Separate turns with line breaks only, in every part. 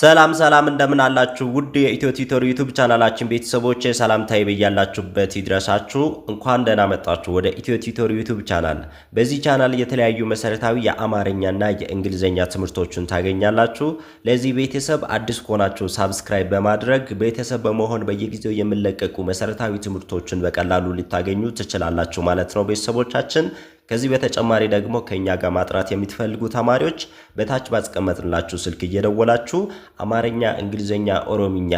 ሰላም ሰላም እንደምን አላችሁ ውድ የኢትዮ ቲቶር ዩቱብ ቻናላችን ቤተሰቦች ሰላምታ ይበያላችሁበት ይድረሳችሁ። እንኳን ደህና መጣችሁ ወደ ኢትዮ ቲቶር ዩቱብ ቻናል። በዚህ ቻናል የተለያዩ መሰረታዊ የአማርኛና የእንግሊዝኛ ትምህርቶችን ታገኛላችሁ። ለዚህ ቤተሰብ አዲስ ከሆናችሁ ሳብስክራይብ በማድረግ ቤተሰብ በመሆን በየጊዜው የሚለቀቁ መሰረታዊ ትምህርቶችን በቀላሉ ልታገኙ ትችላላችሁ ማለት ነው ቤተሰቦቻችን ከዚህ በተጨማሪ ደግሞ ከእኛ ጋር ማጥራት የምትፈልጉ ተማሪዎች በታች ባስቀመጥንላችሁ ስልክ እየደወላችሁ አማርኛ፣ እንግሊዝኛ፣ ኦሮምኛ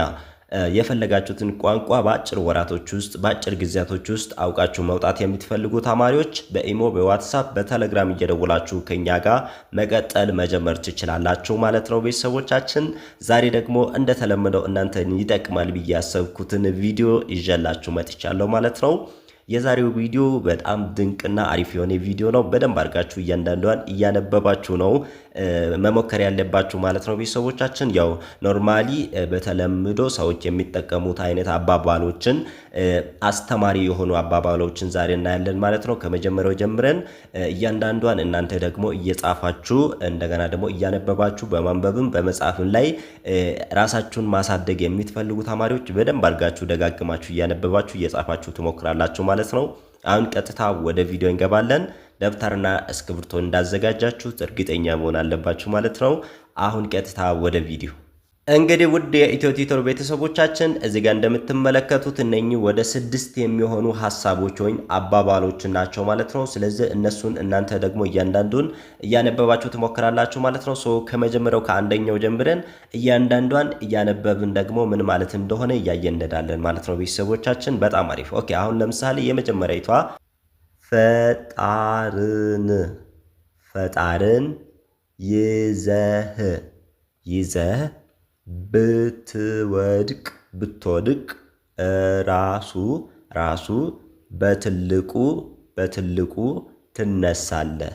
የፈለጋችሁትን ቋንቋ በአጭር ወራቶች ውስጥ በአጭር ጊዜያቶች ውስጥ አውቃችሁ መውጣት የምትፈልጉ ተማሪዎች በኢሞ፣ በዋትሳፕ፣ በቴሌግራም እየደወላችሁ ከኛ ጋር መቀጠል መጀመር ትችላላችሁ ማለት ነው። ቤተሰቦቻችን ዛሬ ደግሞ እንደተለመደው እናንተን ይጠቅማል ብዬ ያሰብኩትን ቪዲዮ ይዤላችሁ መጥቻለሁ ማለት ነው። የዛሬው ቪዲዮ በጣም ድንቅና አሪፍ የሆነ ቪዲዮ ነው። በደንብ አድርጋችሁ እያንዳንዷን እያነበባችሁ ነው መሞከር ያለባችሁ ማለት ነው። ቤተሰቦቻችን ያው ኖርማሊ በተለምዶ ሰዎች የሚጠቀሙት አይነት አባባሎችን አስተማሪ የሆኑ አባባሎችን ዛሬ እናያለን ማለት ነው። ከመጀመሪያው ጀምረን እያንዳንዷን እናንተ ደግሞ እየጻፋችሁ እንደገና ደግሞ እያነበባችሁ በማንበብም በመጻፍም ላይ ራሳችሁን ማሳደግ የሚትፈልጉ ተማሪዎች በደንብ አድርጋችሁ ደጋግማችሁ እያነበባችሁ እየጻፋችሁ ትሞክራላችሁ ማለት ነው። አሁን ቀጥታ ወደ ቪዲዮ እንገባለን። ደብተርና እስክብርቶ እንዳዘጋጃችሁ እርግጠኛ መሆን አለባችሁ ማለት ነው። አሁን ቀጥታ ወደ ቪዲዮ እንግዲህ ውድ የኢትዮ ቲቶር ቤተሰቦቻችን እዚህ ጋር እንደምትመለከቱት እነኚህ ወደ ስድስት የሚሆኑ ሀሳቦች ወይም አባባሎች ናቸው ማለት ነው። ስለዚህ እነሱን እናንተ ደግሞ እያንዳንዱን እያነበባችሁ ትሞክራላችሁ ማለት ነው። ከመጀመሪያው ከአንደኛው ጀምረን እያንዳንዷን እያነበብን ደግሞ ምን ማለት እንደሆነ እያየን እንሄዳለን ማለት ነው። ቤተሰቦቻችን በጣም አሪፍ። ኦኬ አሁን ለምሳሌ የመጀመሪያዊቷ ፈጣርን ፈጣርን ይዘህ ይዘህ ብትወድቅ ብትወድቅ ራሱ ራሱ በትልቁ በትልቁ ትነሳለህ።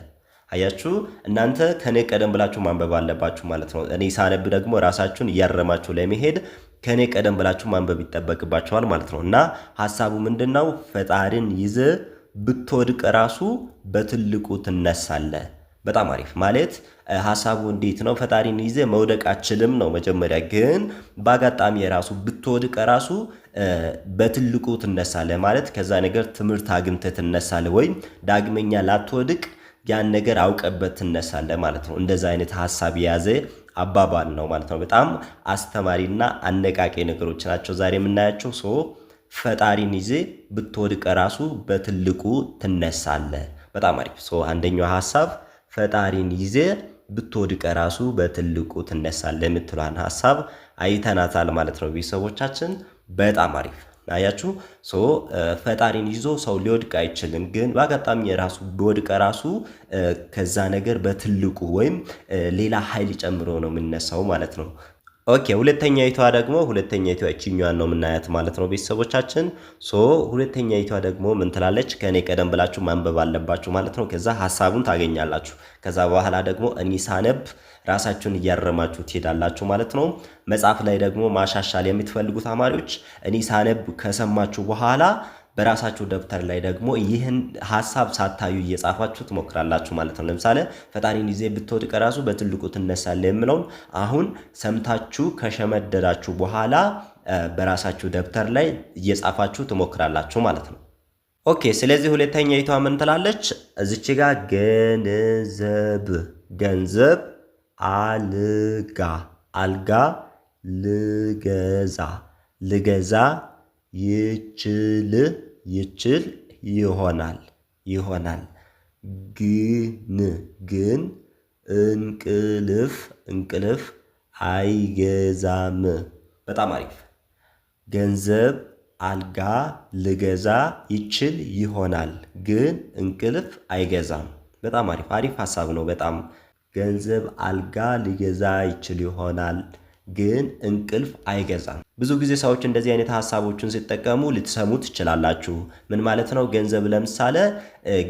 አያችሁ እናንተ ከእኔ ቀደም ብላችሁ ማንበብ አለባችሁ ማለት ነው። እኔ ሳነብ ደግሞ ራሳችሁን እያረማችሁ ለመሄድ ከእኔ ቀደም ብላችሁ ማንበብ ይጠበቅባችኋል ማለት ነው። እና ሀሳቡ ምንድን ነው? ፈጣሪን ይዘ ብትወድቅ ራሱ በትልቁ ትነሳለህ። በጣም አሪፍ ማለት ሀሳቡ እንዴት ነው? ፈጣሪን ይዘ መውደቅ አችልም ነው። መጀመሪያ ግን በአጋጣሚ የራሱ ብትወድቅ ራሱ በትልቁ ትነሳለህ ማለት ከዛ ነገር ትምህርት አግኝተህ ትነሳለ ወይም ዳግመኛ ላትወድቅ ያን ነገር አውቀበት ትነሳለ ማለት ነው። እንደዛ አይነት ሀሳብ የያዘ አባባል ነው ማለት ነው። በጣም አስተማሪና አነቃቂ ነገሮች ናቸው ዛሬ የምናያቸው። ሶ ፈጣሪን ይዜ ብትወድቅ ራሱ በትልቁ ትነሳለህ። በጣም አሪፍ። ሶ አንደኛው ሀሳብ ፈጣሪን ይዜ ብትወድቀ ራሱ በትልቁ ትነሳል የምትሏን ሀሳብ አይተናታል ማለት ነው። ቤተሰቦቻችን በጣም አሪፍ አያችሁ። ሶ ፈጣሪን ይዞ ሰው ሊወድቅ አይችልም። ግን በአጋጣሚ የራሱ ቢወድቀ ራሱ ከዛ ነገር በትልቁ ወይም ሌላ ኃይል ጨምሮ ነው የምነሳው ማለት ነው። ኦኬ ሁለተኛ ይቷ ደግሞ ሁለተኛ ይቷ እቺኛዋን ነው የምናያት ማለት ነው ቤተሰቦቻችን። ሶ ሁለተኛ ይቷ ደግሞ ምን ትላለች? ከእኔ ቀደም ብላችሁ ማንበብ አለባችሁ ማለት ነው። ከዛ ሀሳቡን ታገኛላችሁ። ከዛ በኋላ ደግሞ እኔ ሳነብ ራሳችሁን እያረማችሁ ትሄዳላችሁ ማለት ነው። መጽሐፍ ላይ ደግሞ ማሻሻል የምትፈልጉ ተማሪዎች እኔ ሳነብ ከሰማችሁ በኋላ በራሳችሁ ደብተር ላይ ደግሞ ይህን ሀሳብ ሳታዩ እየጻፋችሁ ትሞክራላችሁ ማለት ነው። ለምሳሌ ፈጣሪን ይዜ ብትወድቅ ራሱ በትልቁ ትነሳለህ የምለውን አሁን ሰምታችሁ ከሸመደዳችሁ በኋላ በራሳችሁ ደብተር ላይ እየጻፋችሁ ትሞክራላችሁ ማለት ነው። ኦኬ ስለዚህ ሁለተኛ ይቷ ምን ትላለች? እዚች ጋ ገንዘብ ገንዘብ አልጋ አልጋ ልገዛ ልገዛ ይችል ይችል ይሆናል ይሆናል ግን ግን እንቅልፍ እንቅልፍ አይገዛም። በጣም አሪፍ ገንዘብ አልጋ ልገዛ ይችል ይሆናል ግን እንቅልፍ አይገዛም። በጣም አሪፍ አሪፍ ሀሳብ ነው። በጣም ገንዘብ አልጋ ሊገዛ ይችል ይሆናል ግን እንቅልፍ አይገዛም። ብዙ ጊዜ ሰዎች እንደዚህ አይነት ሀሳቦችን ሲጠቀሙ ልትሰሙ ትችላላችሁ። ምን ማለት ነው? ገንዘብ ለምሳሌ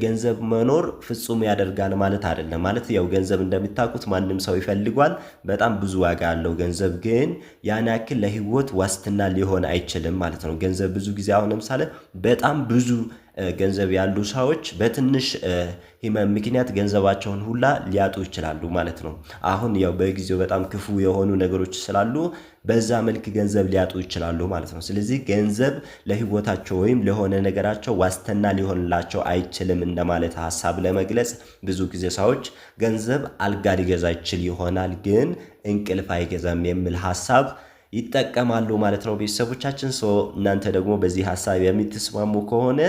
ገንዘብ መኖር ፍጹም ያደርጋል ማለት አይደለም። ማለት ያው ገንዘብ እንደሚታውቁት ማንም ሰው ይፈልጓል፣ በጣም ብዙ ዋጋ አለው። ገንዘብ ግን ያን ያክል ለህይወት ዋስትና ሊሆን አይችልም ማለት ነው። ገንዘብ ብዙ ጊዜ አሁን ለምሳሌ በጣም ብዙ ገንዘብ ያሉ ሰዎች በትንሽ ህመም ምክንያት ገንዘባቸውን ሁላ ሊያጡ ይችላሉ ማለት ነው። አሁን ያው በጊዜው በጣም ክፉ የሆኑ ነገሮች ስላሉ በዛ መልክ ገንዘብ ሊያጡ ይችላሉ ማለት ነው። ስለዚህ ገንዘብ ለህይወታቸው ወይም ለሆነ ነገራቸው ዋስትና ሊሆንላቸው አይችልም እንደማለት ሀሳብ ለመግለጽ ብዙ ጊዜ ሰዎች ገንዘብ አልጋ ሊገዛ ይችል ይሆናል፣ ግን እንቅልፍ አይገዛም የሚል ሀሳብ ይጠቀማሉ ማለት ነው ቤተሰቦቻችን። ሶ እናንተ ደግሞ በዚህ ሀሳብ የምትስማሙ ከሆነ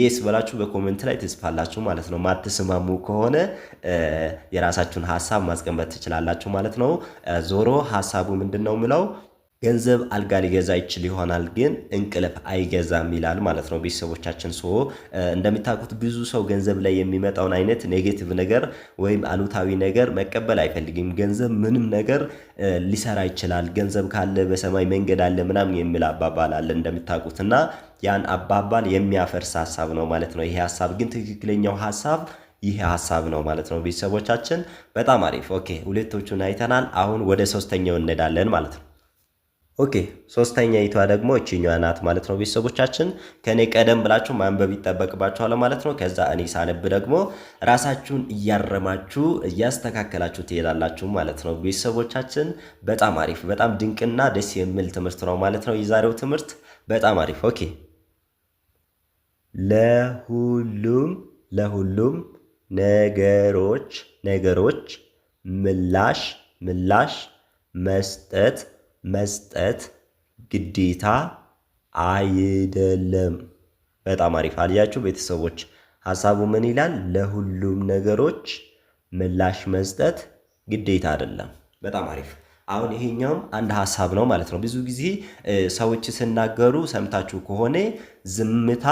የስ ብላችሁ በኮሜንት ላይ ትጽፋላችሁ ማለት ነው። ማትስማሙ ከሆነ የራሳችሁን ሀሳብ ማስቀመጥ ትችላላችሁ ማለት ነው። ዞሮ ሀሳቡ ምንድን ነው ምለው ገንዘብ አልጋ ሊገዛ ይችል ይሆናል ግን እንቅልፍ አይገዛም ይላል ማለት ነው። ቤተሰቦቻችን ሶ እንደሚታውቁት ብዙ ሰው ገንዘብ ላይ የሚመጣውን አይነት ኔጌቲቭ ነገር ወይም አሉታዊ ነገር መቀበል አይፈልግም። ገንዘብ ምንም ነገር ሊሰራ ይችላል፣ ገንዘብ ካለ በሰማይ መንገድ አለ ምናምን የሚል አባባል አለ እንደሚታውቁት እና ያን አባባል የሚያፈርስ ሀሳብ ነው ማለት ነው። ይሄ ሀሳብ ግን ትክክለኛው ሀሳብ ይህ ሀሳብ ነው ማለት ነው። ቤተሰቦቻችን በጣም አሪፍ ኦኬ። ሁለቶቹን አይተናል። አሁን ወደ ሶስተኛው እንሄዳለን ማለት ነው። ኦኬ ሶስተኛ ይቷ ደግሞ እችኛዋ ናት ማለት ነው። ቤተሰቦቻችን ከኔ ቀደም ብላችሁ ማንበብ ይጠበቅባችኋል ማለት ነው። ከዛ እኔ ሳነብ ደግሞ ራሳችሁን እያረማችሁ እያስተካከላችሁ ትሄዳላችሁ ማለት ነው። ቤተሰቦቻችን በጣም አሪፍ፣ በጣም ድንቅና ደስ የሚል ትምህርት ነው ማለት ነው። የዛሬው ትምህርት በጣም አሪፍ። ኦኬ ለሁሉም ለሁሉም ነገሮች ነገሮች ምላሽ ምላሽ መስጠት መስጠት ግዴታ አይደለም። በጣም አሪፍ አልያችሁ ቤተሰቦች። ሀሳቡ ምን ይላል? ለሁሉም ነገሮች ምላሽ መስጠት ግዴታ አይደለም። በጣም አሪፍ። አሁን ይሄኛውም አንድ ሀሳብ ነው ማለት ነው። ብዙ ጊዜ ሰዎች ሲናገሩ ሰምታችሁ ከሆነ ዝምታ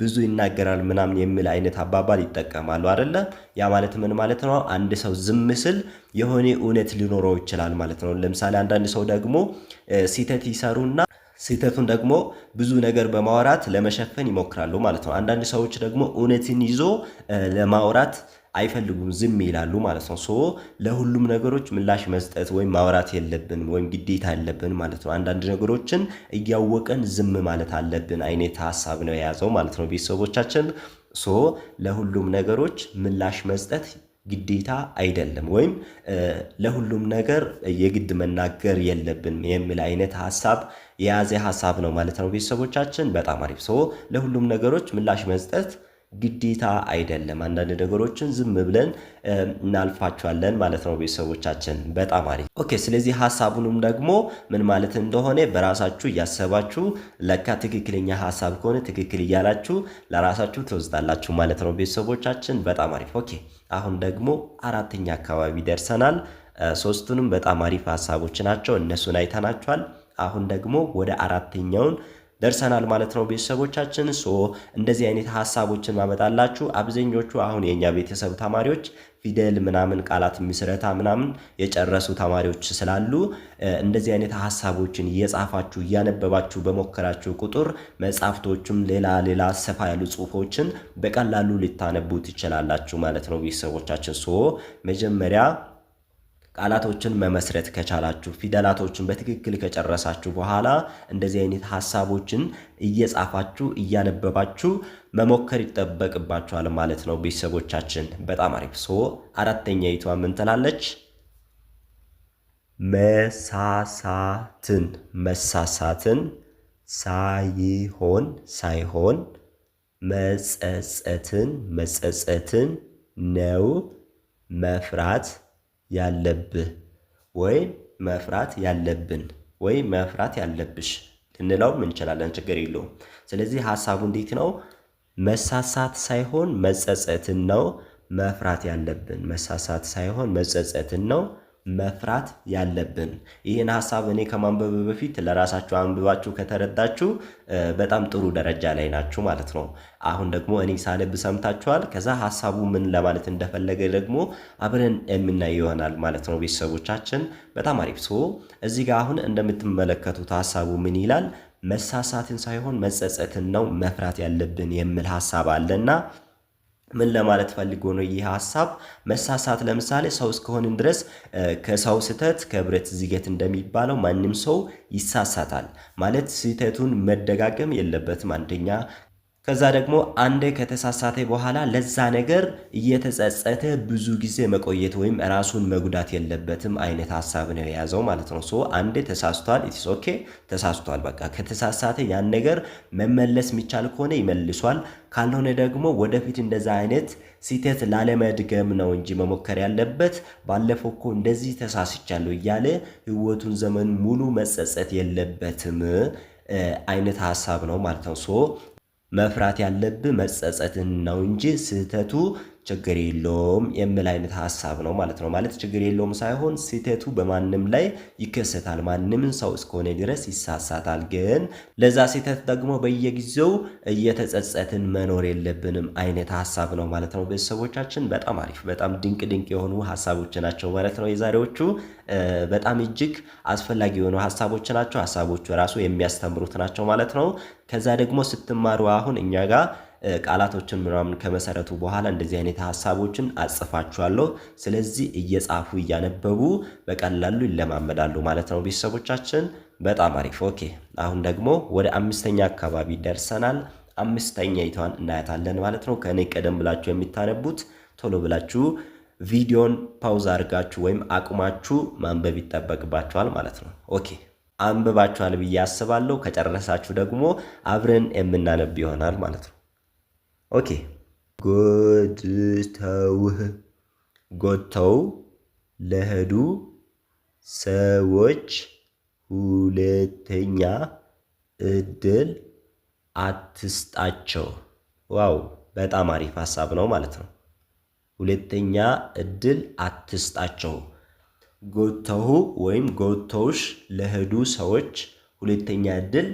ብዙ ይናገራል ምናምን የሚል አይነት አባባል ይጠቀማሉ አደለ? ያ ማለት ምን ማለት ነው? አንድ ሰው ዝም ስል የሆነ እውነት ሊኖረው ይችላል ማለት ነው። ለምሳሌ አንዳንድ ሰው ደግሞ ስህተት ይሰሩና ስህተቱን ደግሞ ብዙ ነገር በማውራት ለመሸፈን ይሞክራሉ ማለት ነው። አንዳንድ ሰዎች ደግሞ እውነትን ይዞ ለማውራት አይፈልጉም፣ ዝም ይላሉ ማለት ነው። ሶ ለሁሉም ነገሮች ምላሽ መስጠት ወይም ማውራት የለብንም ወይም ግዴታ የለብን ማለት ነው። አንዳንድ ነገሮችን እያወቀን ዝም ማለት አለብን አይነት ሀሳብ ነው የያዘው ማለት ነው። ቤተሰቦቻችን ሶ ለሁሉም ነገሮች ምላሽ መስጠት ግዴታ አይደለም ወይም ለሁሉም ነገር የግድ መናገር የለብንም የሚል አይነት ሀሳብ የያዘ ሀሳብ ነው ማለት ነው። ቤተሰቦቻችን በጣም አሪፍ ሶ ለሁሉም ነገሮች ምላሽ መስጠት ግዴታ አይደለም። አንዳንድ ነገሮችን ዝም ብለን እናልፋቸዋለን ማለት ነው። ቤተሰቦቻችን በጣም አሪፍ ኦኬ። ስለዚህ ሀሳቡንም ደግሞ ምን ማለት እንደሆነ በራሳችሁ እያሰባችሁ ለካ ትክክለኛ ሀሳብ ከሆነ ትክክል እያላችሁ ለራሳችሁ ትወስዳላችሁ ማለት ነው። ቤተሰቦቻችን በጣም አሪፍ ኦኬ። አሁን ደግሞ አራተኛ አካባቢ ደርሰናል። ሶስቱንም በጣም አሪፍ ሀሳቦች ናቸው። እነሱን አይተናቸዋል። አሁን ደግሞ ወደ አራተኛውን ደርሰናል ማለት ነው ቤተሰቦቻችን። ሶ እንደዚህ አይነት ሀሳቦችን ማመጣላችሁ አብዛኞቹ አሁን የእኛ ቤተሰብ ተማሪዎች ፊደል ምናምን ቃላት ምስረታ ምናምን የጨረሱ ተማሪዎች ስላሉ እንደዚህ አይነት ሀሳቦችን እየጻፋችሁ እያነበባችሁ በሞከራችሁ ቁጥር መጽሐፍቶቹም ሌላ ሌላ ሰፋ ያሉ ጽሁፎችን በቀላሉ ልታነቡ ትችላላችሁ ማለት ነው ቤተሰቦቻችን ሶ መጀመሪያ ቃላቶችን መመስረት ከቻላችሁ፣ ፊደላቶችን በትክክል ከጨረሳችሁ በኋላ እንደዚህ አይነት ሀሳቦችን እየጻፋችሁ እያነበባችሁ መሞከር ይጠበቅባችኋል ማለት ነው። ቤተሰቦቻችን በጣም አሪፍ ሶ አራተኛ ይቷ ምን ትላለች? መሳሳትን መሳሳትን ሳይሆን ሳይሆን መጸጸትን መጸጸትን ነው መፍራት ያለብህ ወይም መፍራት ያለብን ወይም መፍራት ያለብሽ ልንለውም እንችላለን። ችግር የለውም። ስለዚህ ሀሳቡ እንዴት ነው? መሳሳት ሳይሆን መጸጸትን ነው መፍራት ያለብን። መሳሳት ሳይሆን መጸጸትን ነው መፍራት ያለብን። ይህን ሀሳብ እኔ ከማንበብ በፊት ለራሳችሁ አንብባችሁ ከተረዳችሁ በጣም ጥሩ ደረጃ ላይ ናችሁ ማለት ነው። አሁን ደግሞ እኔ ሳለብ ሰምታችኋል። ከዛ ሀሳቡ ምን ለማለት እንደፈለገ ደግሞ አብረን የምናይ ይሆናል ማለት ነው። ቤተሰቦቻችን በጣም አሪፍ። ሶ እዚህ ጋር አሁን እንደምትመለከቱት ሀሳቡ ምን ይላል? መሳሳትን ሳይሆን መጸጸትን ነው መፍራት ያለብን የሚል ሀሳብ አለና ምን ለማለት ፈልጎ ነው ይህ ሀሳብ? መሳሳት ለምሳሌ ሰው እስከሆንን ድረስ ከሰው ስህተት ከብረት ዝገት እንደሚባለው ማንም ሰው ይሳሳታል ማለት ስህተቱን መደጋገም የለበትም። አንደኛ ከዛ ደግሞ አንዴ ከተሳሳተ በኋላ ለዛ ነገር እየተጸጸተ ብዙ ጊዜ መቆየት ወይም ራሱን መጉዳት የለበትም አይነት ሀሳብ ነው የያዘው ማለት ነው። ሶ አንዴ ተሳስቷል፣ ኢትስ ኦኬ ተሳስቷል። በቃ ከተሳሳተ ያን ነገር መመለስ የሚቻል ከሆነ ይመልሷል፣ ካልሆነ ደግሞ ወደፊት እንደዛ አይነት ስህተት ላለመድገም ነው እንጂ መሞከር ያለበት። ባለፈው እኮ እንደዚህ ተሳስቻለሁ እያለ ህይወቱን ዘመን ሙሉ መጸጸት የለበትም አይነት ሀሳብ ነው ማለት ነው። ሶ መፍራት ያለብህ መጸጸትን ነው እንጂ ስህተቱ ችግር የለውም የሚል አይነት ሀሳብ ነው ማለት ነው። ማለት ችግር የለውም ሳይሆን ስህተቱ በማንም ላይ ይከሰታል። ማንም ሰው እስከሆነ ድረስ ይሳሳታል። ግን ለዛ ስህተት ደግሞ በየጊዜው እየተጸጸትን መኖር የለብንም አይነት ሀሳብ ነው ማለት ነው። ቤተሰቦቻችን በጣም አሪፍ፣ በጣም ድንቅ ድንቅ የሆኑ ሀሳቦች ናቸው ማለት ነው። የዛሬዎቹ በጣም እጅግ አስፈላጊ የሆኑ ሀሳቦች ናቸው። ሀሳቦቹ ራሱ የሚያስተምሩት ናቸው ማለት ነው። ከዛ ደግሞ ስትማሩ አሁን እኛ ጋር ቃላቶችን ምናምን ከመሰረቱ በኋላ እንደዚህ አይነት ሀሳቦችን አጽፋችኋለሁ። ስለዚህ እየጻፉ እያነበቡ በቀላሉ ይለማመዳሉ ማለት ነው ቤተሰቦቻችን። በጣም አሪፍ ኦኬ። አሁን ደግሞ ወደ አምስተኛ አካባቢ ደርሰናል። አምስተኛ ይተዋን እናያታለን ማለት ነው። ከእኔ ቀደም ብላችሁ የሚታነቡት ቶሎ ብላችሁ ቪዲዮን ፓውዝ አድርጋችሁ ወይም አቁማችሁ ማንበብ ይጠበቅባችኋል ማለት ነው። ኦኬ አንብባችኋል ብዬ አስባለሁ። ከጨረሳችሁ ደግሞ አብረን የምናነብ ይሆናል ማለት ነው። ኦኬ ጎትተውህ ጎትተው ለሄዱ ሰዎች ሁለተኛ እድል አትስጣቸው። ዋው በጣም አሪፍ ሀሳብ ነው ማለት ነው። ሁለተኛ እድል አትስጣቸው። ጎተሁ ወይም ጎተውሽ ለሄዱ ሰዎች ሁለተኛ እድል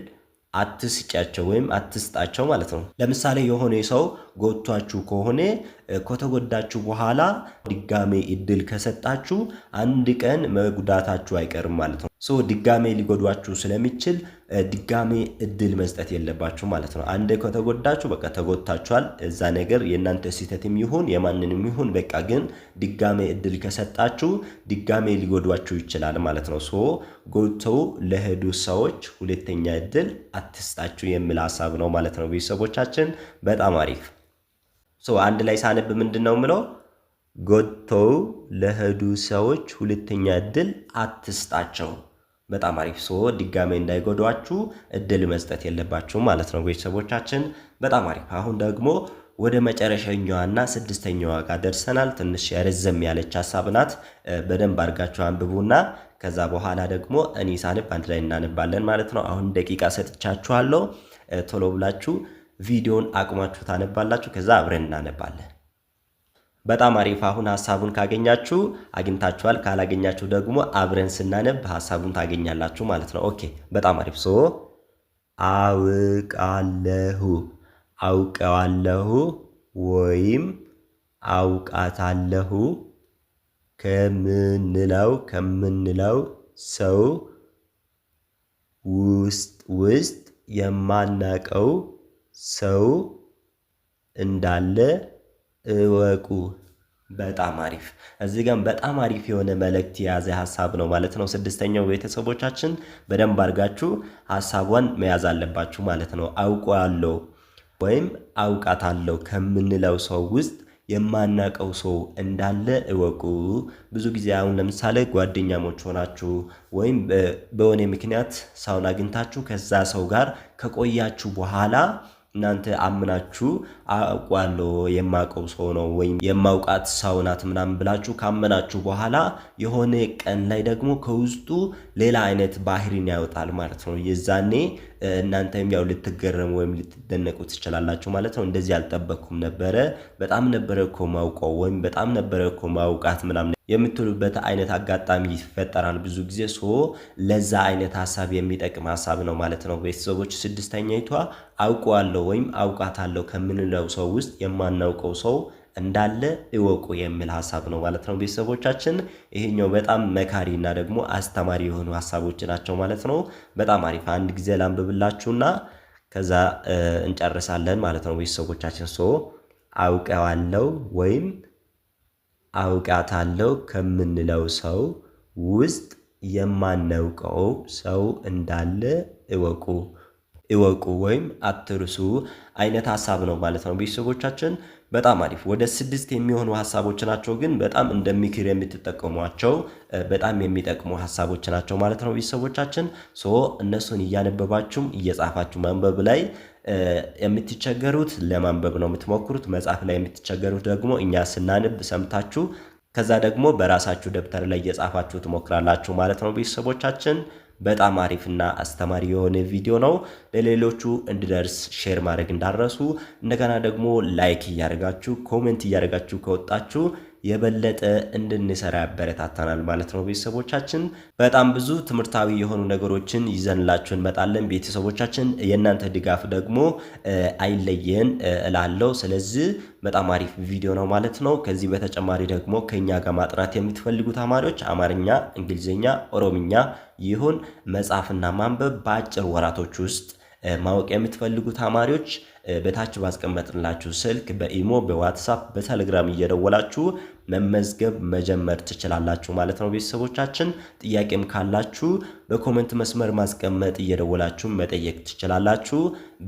አትስጫቸው ወይም አትስጣቸው ማለት ነው። ለምሳሌ የሆነ ሰው ጎቷችሁ ከሆነ ከተጎዳችሁ በኋላ ድጋሜ እድል ከሰጣችሁ አንድ ቀን መጉዳታችሁ አይቀርም ማለት ነው። ሰው ድጋሜ ሊጎዷችሁ ስለሚችል ድጋሜ እድል መስጠት የለባችሁ ማለት ነው። አንዴ ከተጎዳችሁ በቃ ተጎድታችኋል። እዛ ነገር የእናንተ ስህተትም ይሁን የማንንም ይሁን በቃ ግን ድጋሜ እድል ከሰጣችሁ ድጋሜ ሊጎዷችሁ ይችላል ማለት ነው። ሶ ጎድተው ለሄዱ ሰዎች ሁለተኛ እድል አትስጣችሁ የሚል ሀሳብ ነው ማለት ነው። ቤተሰቦቻችን በጣም አሪፍ ሶ አንድ ላይ ሳነብ ምንድን ነው ምለው ጎድተው ለሄዱ ሰዎች ሁለተኛ እድል አትስጣቸው። በጣም አሪፍ ሶ ድጋሜ እንዳይጎዷችሁ እድል መስጠት የለባችሁም ማለት ነው ቤተሰቦቻችን። በጣም አሪፍ። አሁን ደግሞ ወደ መጨረሻኛዋና ስድስተኛዋ ጋር ደርሰናል። ትንሽ ረዘም ያለች ሀሳብ ናት። በደንብ አድርጋችሁ አንብቡና ከዛ በኋላ ደግሞ እኔ ሳንብ አንድ ላይ እናነባለን ማለት ነው። አሁን ደቂቃ ሰጥቻችኋለሁ። ቶሎ ብላችሁ ቪዲዮን አቁማችሁ ታነባላችሁ። ከዛ አብረን እናነባለን። በጣም አሪፍ። አሁን ሀሳቡን ካገኛችሁ አግኝታችኋል፣ ካላገኛችሁ ደግሞ አብረን ስናነብ ሀሳቡን ታገኛላችሁ ማለት ነው። ኦኬ፣ በጣም አሪፍ። ሶ አውቃለሁ፣ አውቀዋለሁ ወይም አውቃታለሁ ከምንለው ከምንለው ሰው ውስጥ ውስጥ የማናቀው ሰው እንዳለ እወቁ። በጣም አሪፍ እዚህ ጋም በጣም አሪፍ የሆነ መልእክት የያዘ ሀሳብ ነው ማለት ነው። ስድስተኛው ቤተሰቦቻችን በደንብ አድርጋችሁ ሀሳቧን መያዝ አለባችሁ ማለት ነው። አለው ወይም አለው ከምንለው ሰው ውስጥ የማናቀው ሰው እንዳለ እወቁ። ብዙ ጊዜ አሁን ለምሳሌ ጓደኛሞች ሆናችሁ ወይም በሆነ ምክንያት ሰውን አግኝታችሁ ከዛ ሰው ጋር ከቆያችሁ በኋላ እናንተ አምናችሁ አውቋለሁ የማውቀው ሰው ነው ወይም የማውቃት ሰው ናት ምናምን ብላችሁ ካመናችሁ በኋላ የሆነ ቀን ላይ ደግሞ ከውስጡ ሌላ አይነት ባህሪን ያወጣል ማለት ነው። የዛኔ እናንተም ያው ልትገረሙ ወይም ልትደነቁ ትችላላችሁ ማለት ነው። እንደዚህ አልጠበቅኩም ነበረ፣ በጣም ነበረ እኮ ማውቀው ወይም በጣም ነበረ እኮ ማውቃት ምናምን የምትሉበት አይነት አጋጣሚ ይፈጠራል ብዙ ጊዜ። ሶ ለዛ አይነት ሀሳብ የሚጠቅም ሀሳብ ነው ማለት ነው ቤተሰቦች። ስድስተኛይቷ አውቀዋለሁ ወይም አውቃታለሁ ከምንለው ሰው ውስጥ የማናውቀው ሰው እንዳለ እወቁ የሚል ሀሳብ ነው ማለት ነው። ቤተሰቦቻችን ይሄኛው በጣም መካሪ እና ደግሞ አስተማሪ የሆኑ ሀሳቦች ናቸው ማለት ነው። በጣም አሪፍ። አንድ ጊዜ ላንብብላችሁና ከዛ እንጨርሳለን ማለት ነው። ቤተሰቦቻችን ሶ አውቀዋለው ወይም አውቃታለው ከምንለው ሰው ውስጥ የማናውቀው ሰው እንዳለ እወቁ እወቁ ወይም አትርሱ አይነት ሀሳብ ነው ማለት ነው ቤተሰቦቻችን። በጣም አሪፍ ወደ ስድስት የሚሆኑ ሀሳቦች ናቸው። ግን በጣም እንደ ምክር የምትጠቀሟቸው በጣም የሚጠቅሙ ሀሳቦች ናቸው ማለት ነው። ቤተሰቦቻችን ሶ እነሱን እያነበባችሁም እየጻፋችሁ ማንበብ ላይ የምትቸገሩት ለማንበብ ነው የምትሞክሩት። መጽሐፍ ላይ የምትቸገሩት ደግሞ እኛ ስናንብ ሰምታችሁ ከዛ ደግሞ በራሳችሁ ደብተር ላይ እየጻፋችሁ ትሞክራላችሁ ማለት ነው ቤተሰቦቻችን በጣም አሪፍና አስተማሪ የሆነ ቪዲዮ ነው። ለሌሎቹ እንድደርስ ሼር ማድረግ እንዳረሱ እንደገና ደግሞ ላይክ እያደረጋችሁ ኮሜንት እያደረጋችሁ ከወጣችሁ የበለጠ እንድንሰራ ያበረታታናል ማለት ነው። ቤተሰቦቻችን በጣም ብዙ ትምህርታዊ የሆኑ ነገሮችን ይዘንላችሁ እንመጣለን። ቤተሰቦቻችን የእናንተ ድጋፍ ደግሞ አይለየን እላለው ስለዚህ በጣም አሪፍ ቪዲዮ ነው ማለት ነው። ከዚህ በተጨማሪ ደግሞ ከኛ ጋር ማጥናት የምትፈልጉ ተማሪዎች አማርኛ፣ እንግሊዝኛ፣ ኦሮምኛ ይሁን መጻፍና ማንበብ በአጭር ወራቶች ውስጥ ማወቅ የምትፈልጉ ተማሪዎች በታች ባስቀመጥንላችሁ ስልክ በኢሞ፣ በዋትሳፕ፣ በቴሌግራም እየደወላችሁ መመዝገብ መጀመር ትችላላችሁ ማለት ነው። ቤተሰቦቻችን ጥያቄም ካላችሁ በኮመንት መስመር ማስቀመጥ እየደወላችሁ መጠየቅ ትችላላችሁ።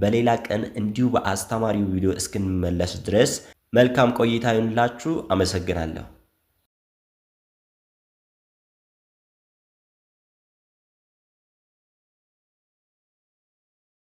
በሌላ ቀን እንዲሁ በአስተማሪው ቪዲዮ እስክንመለስ ድረስ መልካም ቆይታ ይሁንላችሁ። አመሰግናለሁ።